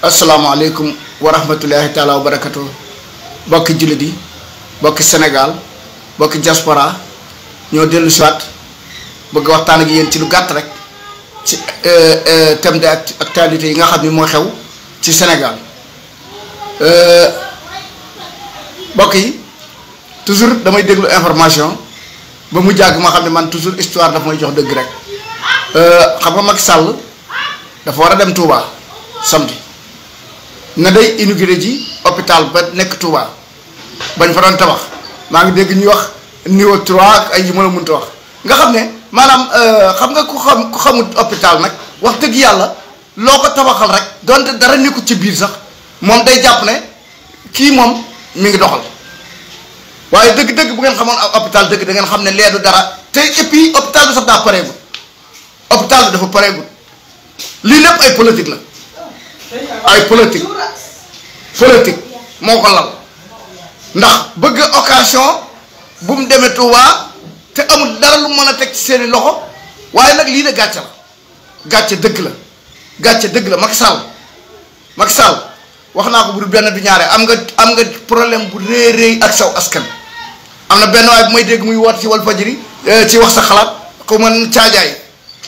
Assalamualaikum warahmatullahi rahmatullahi taala wa barakatu bokki jullit yi bokki sénégal diaspora ñoo ci wat bëgg waxtaan ak yeen ci lu gatt rek ci euh, euh, thème de actualité yi nga xamni mo xew ci euh bokk yi toujours damay déglu information ba mu jàgg ma xam ne man toujours histoire daf may jox dëgg rek euh, xam nga Macky Sall dafa war dem Touba samedi na day inauguré ji hôpital ba nekk Touba bañ fa doon tabax maa ngi dégg ñuy wax niveau 3 ak ay yu mën a mënta wax nga xam ne maanaam euh, xam nga ku xam ku xamul hôpital nag wax dëgg yàlla loo ko tabaxal rek donte dara nekkul ci biir sax moom day jàpp ne kii moom mi ngi doxal waaye dëgg-dëgg bu ngeen xamoon ab hôpital dëgg da ngeen xam ne lee dara te et puis hôpital bi sax daa pareegul hôpital bi dafa pareegul lii lépp ay politique la. ay politique politique moo ko lal ndax bëgg occasion bu mu demee Touba te amul dara lu mën a teg seeni loxo waaye nag lii de gàcce la gàcce dëgg la gàcce dëgg la Macky Sall Macky Sall wax naa ko bu benn du ñaare am nga am nga problème bu rëy rëy ak saw askan am na benn waay bu may dégg muy woote ci Walfadjri euh, ci wax sa xalaat ko mën caajaay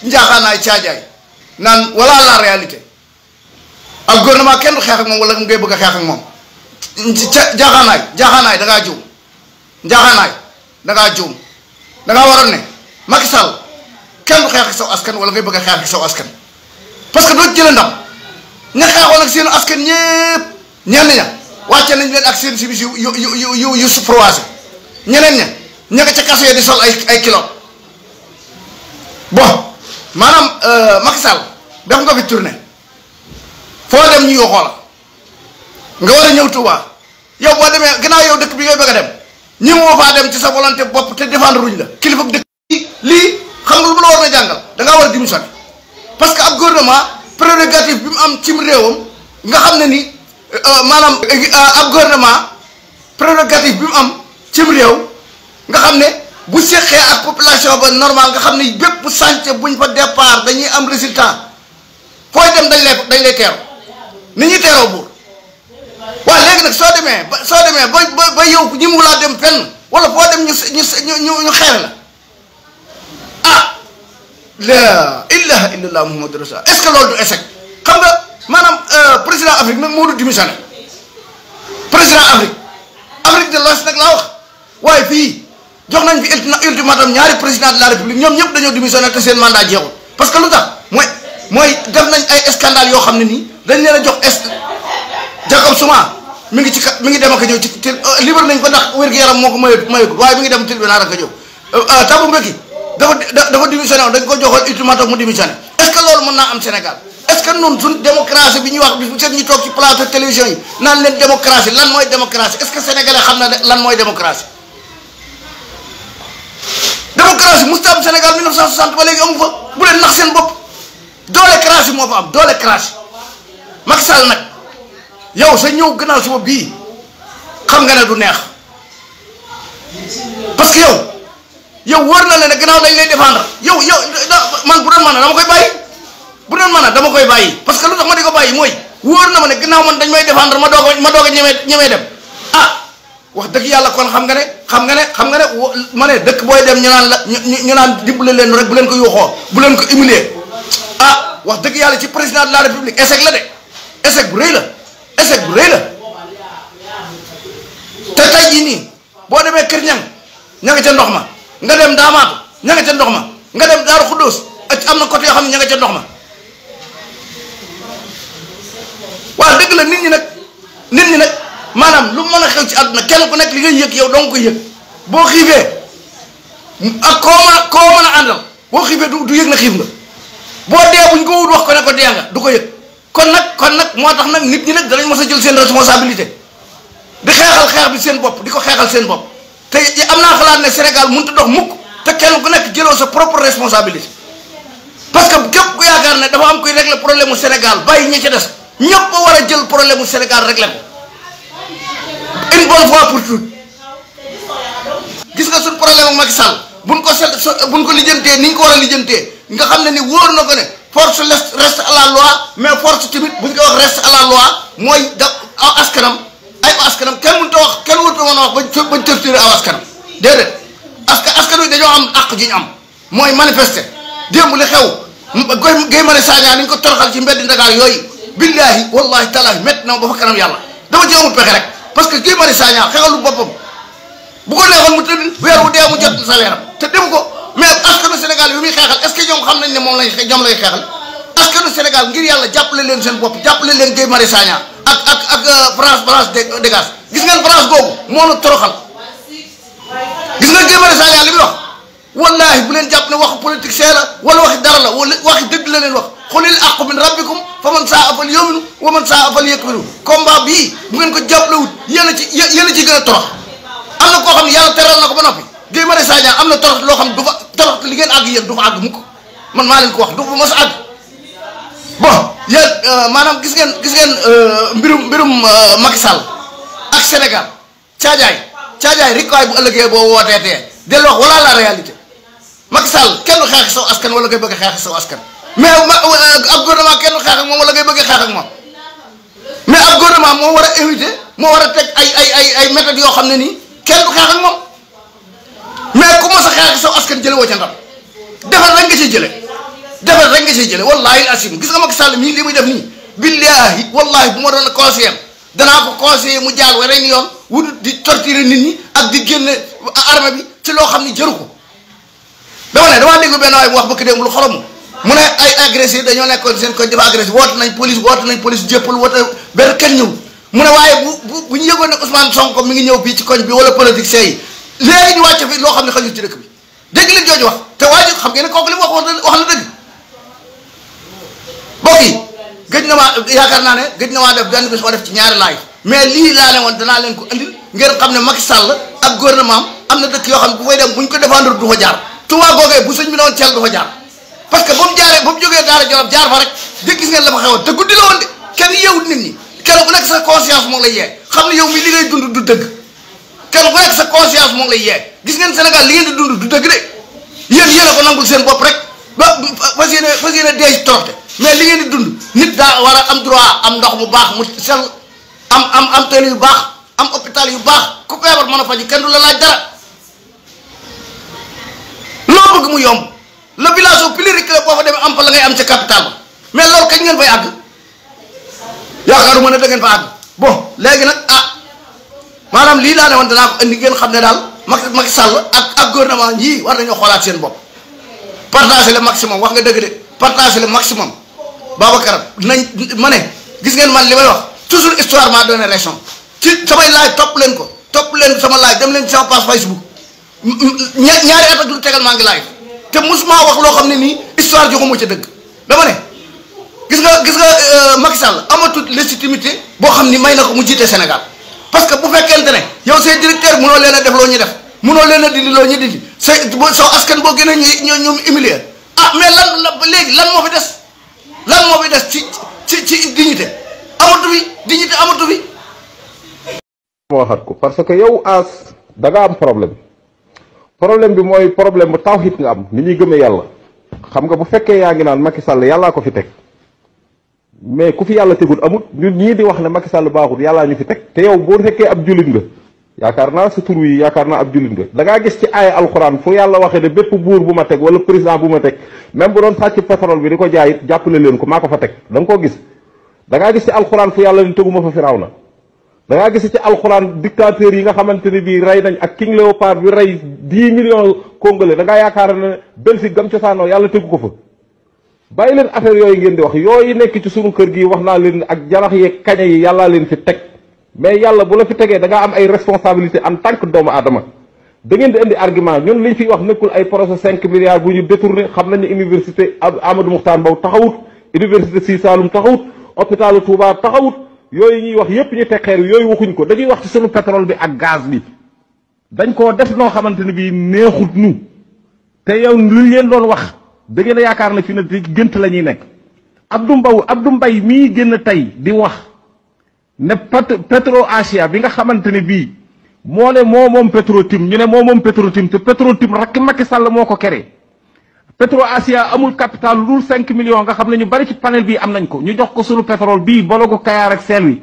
njaaxaanaay caajaay naan voilà la réalité ak gouvernement kenn xex ak mom wala ngay bëgg xex ak mom jaxanaay jaxanaay da nga joom jaxanaay da nga joom da nga waroon ne Macky Sall kenn xex ak saw askan wala ngay bëgg xex ak saw askan parce que do jël ndam nga xeexoon ak seen askan ñepp ñen ña wàcce nañu leen ak seen simis yu yu yu su yu ñeneen ña ña nga ca kaso ya di sol ay ay kilo bon euh Macky Sall def nga fi tourner foo dem ñu yoo xoola nga war a ñëw Touba yow boo demee gannaaw yow dëkk bi ngay bëgg a dem ñi moo faa dem ci sa volonté bopp te défendre ruñ la kilifa dëkk lii xam nga lu mu la war a jàngal da ngaa war a démissionné parce que ab gouvernement prérogative bi mu am cim réewam nga xam ne ni euh, maanaam euh, ab gouvernement prérogative bi mu am cim réew nga xam ne bu seqee ak population ba normal nga xam ne bépp sànce buñ fa départ dañuy am résultat fooy dem dañ lay dañ lay teeru ni ñi téro buur wa légui nak so démé so démé ba ba yow ñi mu la dem fenn wala bo dem ñu ñu ñu ñu xeer la ah la ilaha illallah muhammadur rasul est ce que lolu du échec xam nga maanaam président afrique même modou dimissioné président afrique afrique de l'ouest nak la wax way fi jox nañ fi ultimatum ñaari président de la république ñom ñep dañu dimissioné te seen mandat jéxul parce que lutax moy moy def nañ ay scandale yo xamni ni dañ leen a jox est Jacob Suma mi ci mi ngi dem ak ñëw ci til euh, libre nañ ko ndax wér gu ngi dem til bi naar ak ñëw euh, euh, ko joxoon ultimatum mu démissionné est mën naa am Sénégal est-ce que ñun suñ démocratie bi ñuy wax bi seet ñu toog ci plateau télévision yi naan leen démocratie lan mooy démocratie est-ce que sénégalais xam na lan mooy démocratie ba léegi amu fa bu leen nax seen bopp doole crache moo fa am doole crache Macky Sall nag yow sa ñëw gannaaw suba bii xam nga ne du neex parce que yow yow wóor na la ne gannaaw dañ lay défendre yow yow man bu doon mën a dama koy bàyyi bu doon mën a dama koy bàyyi parce que lu tax ma di ko bàyyi mooy wóor na ma ne gannaaw man dañ may défendre ma doog a ma doog a ñemee ñemee dem ah wax dëgg yàlla kon xam nga ne xam nga ne xam nga ne ma ne dëkk booy dem ñu naan la ñu naan dimbale leen rek bu leen ko yuuxoo bu leen ko humilier ah wax dëgg yàlla ci président de la république la de. échec bu rëy la échec bu rëy la te tay ji ni bo demé Kër Ñang ña ca ndox ma nga dem Daamaatu ña ca ndox ma nga dem daru khudus ak am na côté yoo xam ne ca ndox ma wa deug la nit ñi nak nit ñi nak manam lu mëna xew ci aduna kenn ku nak li ngay yek yow dong ko yek ya? bo xiifee ak ah, ko ma ko mëna andal bo àndal du yek na xiif nga boo buñ ko wut wax ko ne ko dee nga du ko yek ya? kon nag kon nag moo tax nag nit ñi nag danañ mos a jël seen responsabilité di xeexal xeex bi seen bopp di ko xeexal seen bopp te am naa xalaat ne Sénégal mun a dox mukk te kenn ku nekk jëloo sa propre responsabilité parce que képp ku yaakaar ne dafa am kuy régler problème mu Sénégal bàyyi ñi ci des ñëpp a war a jël problème mu Sénégal régler ko une bonne fois pour toutes gis nga suñ problème ak Macky Sall buñ ko se buñ ko lijjantee ni ñu ko war a lijjantee nga xam ne ni na ko ne. force reste à la loi mais force tamit bu ñu ko wax reste à la mooy da aw askanam ay askanam kenn mënut a wax kenn mënut a mën a wax bañ bañ torturer aw askanam déedéet parce que askan wi dañoo am àq ju am mooy manifester démb li xew Guy Guy Marius Sagna ni ñu ko toroxal ci mbedd Ndakaar yooyu billaahi wallaahi taalaahi met na ma ba fa kanam yàlla dama ci amul pexe rek parce que Guy Marius Sagna xeexalu boppam bu ko neexoon mu tëdd weer wu dee mu jot salaire am te dem ko. mais askanu Sénégal bi muy xeexal est-ce que ñoom xam nañ ne moom lañ ñoom lay xeexal askanu Sénégal ngir yàlla jàppale leen seen bopp jàppale leen Guy Marius Sagna ak ak ak euh, France France dégage gis ngeen France googu moo la toroxal gis nga Guy Marius Sagna li muy wax wallaahi bu leen jàpp ne waxu politique see la wala waxi dara la wala waxi dëgg la leen wax xulil aqu min rabbikum fa man saa afal yominu wa man saa afal yëkmiru ngeen ko jàppalewut yéen a ci yéen a ci gën a torox am na koo xam ne yàlla teral ko ba noppi gey Marius Sagna amna torox lo xam du fa torox li ngeen ag yeen du fa àgg mukk man ma len ko wax du fa mos a àgg bon yéen euh, manam gis ngeen gis ngeen euh, mbirum mbirum euh, Macky Sall ak Sénégal tiajay tiajay rikoy bu ëllëgee bo woté té del wax wala la réalité Macky Sall kenn xex so askan wala ngay bëgg xex so askan mais ab gouvernement kenn xex xeex ak moom wala ngay bëgg xex ak moom mais ab gouvernement mo wara éviter mo wara tek ay ay ay ay méthodes yoo xam ne kenn xex ak mom mais ku mos a xeex saw askan jële woo ca ndam defal rek nga ciy jële defal rek nga ciy jële wallaahi asim gis nga Macky Sall mii li muy def nii billaahi wallaahi bu ma doon conseiller danaa ko conseiller mu jaal wa ren yoon wut di torturer nit ñi ak di génne armée bi ci loo xam ni jëru ko dama ne damaa déglu benn waay mu wax bëkk démb lu xorom mu ne ay agressé dañoo nekkoon seen koñ dafa agressé woote nañ police woote nañ police jéppal woote benn kenn ñëw mu ngi ñëw bii ci koñ bi wala politique léegi ñu wàcce fi loo xam ne xajul ci dëkk bi dégg leen jooju wax te waa ji xam ngeen ne kooku li mu wax wax na dëgg mbokk yi na maa yaakaar naa ne gëj na maa def benn bés ma def ci ñaari laay mais lii laa leen woon dana leen ko indi ngeen xam ne Macky Sall ak gouvernement am na dëkk yoo xam ne bu fay dem bu ñu ko défendre du fa jaar Touba googee bu sëñ bi doon ceel du fa jaar parce que ba mu jaaree ba mu jógee Daara Jolof jaar fa rek dégg gis ngeen la fa xewoon te guddi la woon de kenn yeewut nit ñi kenn ku nekk sa conscience moo lay yee xam ne yow mi li ngay dund du dëgg kenn ku nekk sa conscience moom lay yee gis ngeen Sénégal li ngeen di dund du dëgg de yéen yéen a ko nangul seen bopp rek ba fas yéene fas yéene dee mais li ngeen di dund nit daa war am droit am ndox mu baax mu sell am am am teel yu baax am hôpital yu baax ku feebar mën a faju kenn du la laaj dara loo bëgg mu yomb le village au plus riche boo fa demee am fa la ngay am ca capital ba mais loolu kañ ngeen fay àgg yaakaaruma ne da ngeen fa àgg bon léegi nag ah maanaam lii laa ne woon danaa ko indi ngeen xam ne daal Macky Sall ak ak gouvernement yii war nañoo xoolaat seen bopp partager le maximum wax nga dëgg de partager le maximum Babacar dinañ ma ne gis ngeen man li may wax toujours histoire m'a donné raison ci topp leen ko topp leen sama laaj dem leen ci sama page Facebook ñaari at ak lu tegal maa ngi laaj te mosuma wax loo xam ne nii histoire joxu ma ca dëgg dama ne gis nga gis nga euh, Macky Sall amatul légitimité boo xam ni may na ko mu jiite Sénégal. parce que bu fekkente ne yow sey directeur mënoo leen a def lo ñi def mënoo leen a dindi lo ñi dindi sey so askan bo gëna a ñoo ñoom humilier ah mais lan la lan mo fi dess lan mo fi dess ci ci ci dignité amatu bi dignité amatu bi mo waxat ko parce que yow as da nga am problème problème bi moy problème tawhid nga am ni ñi gëmee yalla xam nga bu fekke yaangi naan Macky Sall yalla ko fi tek mais ku fi yàlla tegul amut ñun ñii di wax ne Macky Sall baaxut yàllaa ñu fi teg te yow boo fekkee ab jullit nga yaakaar naa si tur wi yaakaar naa ab jullit nga da gis ci aaya alxuraan fu yàlla waxee ne bépp buur bu ma teg wala président bu ma teg même bu doon sàcc pétrole bi di ko jaay it jàppale leen ko maa ko fa teg da nga koo gis da gis ci alxuraan fu yàlla ne teguma fa firaaw na da ngaa gis ci alxuraan dictateur yi nga xamante ne bii rey nañ ak King Léopard bi rey 10 millions congolais da ngaa yaakaar ne Belgique gam cosaanoo yàlla tegu ko fa bàyyi leen affaire yooyu ngeen di wax yooyu nekk ci suñu kër gi wax naa leen ak janax yeeg kaña yi yàllaa leen fi teg mais yàlla bu la fi tegee da am ay responsabilité en tant doomu aadama dangeen ngeen di indi argument ñun liñ fiy wax nekkul ay projet cinq milliards bu ñu détourné xam nañu université Amadou Mokhtar Mbow taxawut université Sine Saloum taxawut hôpitalu Touba taxawut yooyu ñuy wax yépp ñu teg xeer yooyu waxuñ ko dañuy wax ci suñu pétrole bi ak gaz bi dañ koo def noo xamante ne bii neexut ñu te yow doon wax da ngeen a yaakaar na fi ne gënt la ñuy nekk Abdou Mbow Abdou mbay mii génn tey di wax ne Petro Asia bi nga xamante ne bii moo ne moo moom Petro-Tim ñu ne moo moom Petro-Tim te Petro-Tim rakki Macky Sall moo ko kere Petro Asia amul capital lu dul 5 millions nga xam ne ñu bari ci panel bii am nañ ko ñu jox ko sunu pétrole bii bologu Kayaar rek Saint-Louis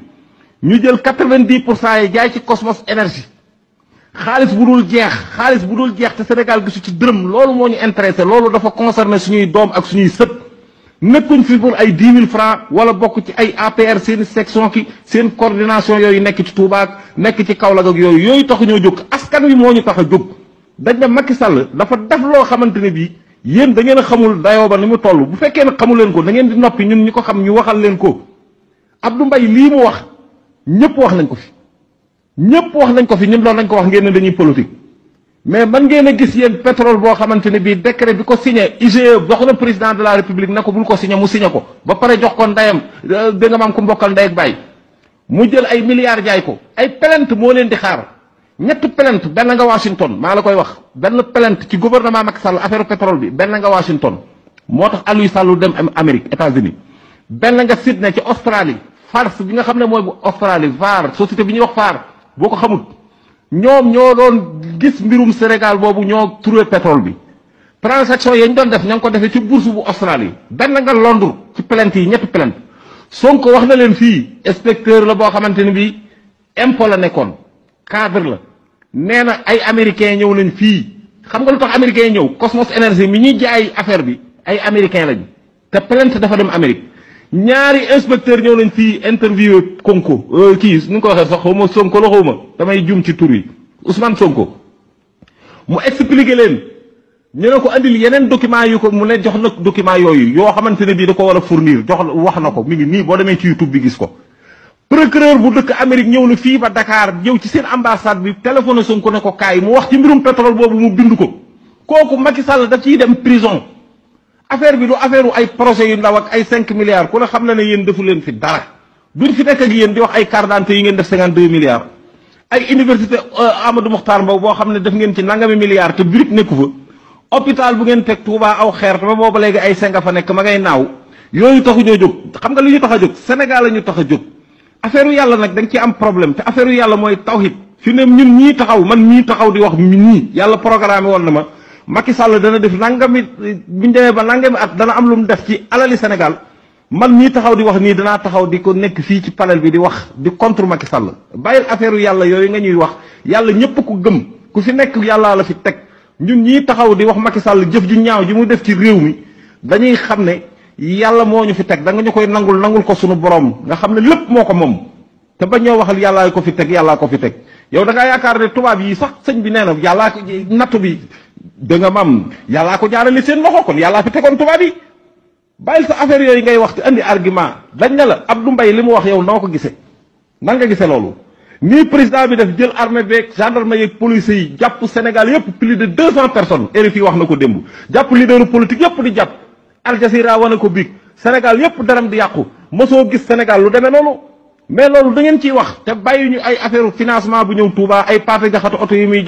ñu jël 90 pour cent yi jaay ci Cosmos Énergie xaalis bu dul jeex xaalis bu dul jeex te Sénégal gisu ci dërëm loolu moo ñu intéressé loolu dafa concerné suñuy doom ak suñuy sët nekkuñ fi pour ay dix mille francs wala bokk ci ay APR seen section ki seen coordination yooyu nekk ci tuubaak nekk ci Kaolack ak yooyu yooyu tax ñoo jóg askan wi moo ñu tax a jóg dañ ne Macky sàll dafa def loo xamante ne bii yéen da ngeen xamul dayoo ba ni mu toll bu fekkee ne xamu leen ko dangeen di noppi ñun ñu ko xam ñu waxal leen ko Abdou Mbaye lii mu wax ñëpp wax nañ ko fi ñépp wax nañ ko fi ñun loolu lañ ko wax ngeen ne dañuy politique mais man ngeen a gis yéen pétrole boo xamante ne bii décret bi ko signé IGE wax na président de la république na ko bul ko signé mu signé ko ba pare jox ko ndeyam euh, dégg nga maam ku mbokkal ndey ak mu jël ay milliards jaay ko ay pelent moo leen di xaar ñetti plainte benn nga Washington maa la koy wax benn pelent ci gouvernement Macky Sall affaire pétrole bi benn nga Washington moo tax Aliou Sall dem Amérique États-Unis benn nga bi nga xam ne mooy bu Australie VAR bi ñuy wax VAR. boo ko xamul ñoom ñoo doon gis mbirum Sénégal boobu ñoo trouvé pétrole bi transaction yañ doon def ña ngi ko defee ci bourse bu Australie benn nga Londres ci plainte yi ñetti plainte Sonko wax na leen fii inspecteur la boo xamante ni bi impôt la nekkoon cadre la nee na ay américain ñëw nañ fii xam nga lu tax américain ñëw Cosmos Energy mi ñuy jaay affaire bi ay américain lañu te plainte dafa dem Amérique ñaari inspecteur ñëw nañ fii interview konko euh, kii nu ñu ko waxee sax xaw ma Sonko la xaw ma damay jum ci tur yi Ousmane Sonko mu expliqué leen ñu ne ko andil yeneen document yu ko mu ne jox nag document yooyu yoo xamante ne bii da ko war a fournir jox wax na ko mi ngi nii boo demee ci YouTube bi gis ko procureur bu dëkk Amérique ñëw na fii ba dakaar ñëw ci seen ambassade bi téléphoné Sonko ne ko kaay mu wax ci mbirum pétrole boobu mu bind ko kooku Macky Sall daf ciy dem prison affaire bi du affaire wu ay projet yu ndaw ak ay cinq milliards ku la xam na ne yéen defu leen fi dara duñ fi nekk ak yéen di wax ay carte d'identité yi ngeen def cinquante deux milliards ay université euh, Amadou Mokhtar Mbow boo xam ne def ngeen ci nangami milliards te birig nekku fa hôpital bu ngeen teg Touba aw xeer te ba booba léegi ay senga fa nekk ma ngay naaw yooyu taxu ñoo jóg xam nga li ñu tax a jóg Sénégal a ñu tax a jóg affaire yàlla nag da ci am problème affaire yàlla mooy tawhid fi ne ñii taxaw man ñii taxaw di wax ñun ñii yàlla programme woon na ma Macky Sall dana def nangami bu ñu demee ba nangami at dana am lu mu def ci alali Sénégal man mii taxaw di wax nii danaa taxaw di ko nekk fii ci panel bi di wax di contre Macky Sall bàyyil affaire yàlla yooyu nga ñuy wax yàlla ñëpp ku gëm ku fi nekk yàllaa la fi teg ñun ñi taxaw di wax Macky Sall jëf ju ñaaw ji mu def ci réew mi dañuy xam ne yàlla moo ñu fi teg da nga ñu koy nangul nangul ko suñu borom nga xam ne lépp moo ko moom te ba ñoo waxal yàllaa ko fi teg yàllaa ko fi teg. yow da ngaa yaakaar ne tubaab yi sax sëñ bi nee na yàllaa ko nattu bi da nga maam yàllaa ko jaarale seen loxo kon yàllaa fi tegoon tubaab yi bàyyil sa affaire yooyu ngay wax te andi argument dañ ne la Abdou mbay li mu wax yow noo ko gisee nan nga gisee loolu nii président bi def jël armée beeg gendarme yeeg police yi jàpp Sénégal yëpp plus de deux cent personnes RFI wax na ko démb jàpp leaderu politique yëpp di jàpp Al Jazeera wane ko biig Sénégal yëpp daram di yàqu mosoo gis Sénégal mais loolu da ngeen ci wax te bàyyi ñu ay affaire financement bu ñëw Touba ay Pathé Diakhaté oto yi muy jox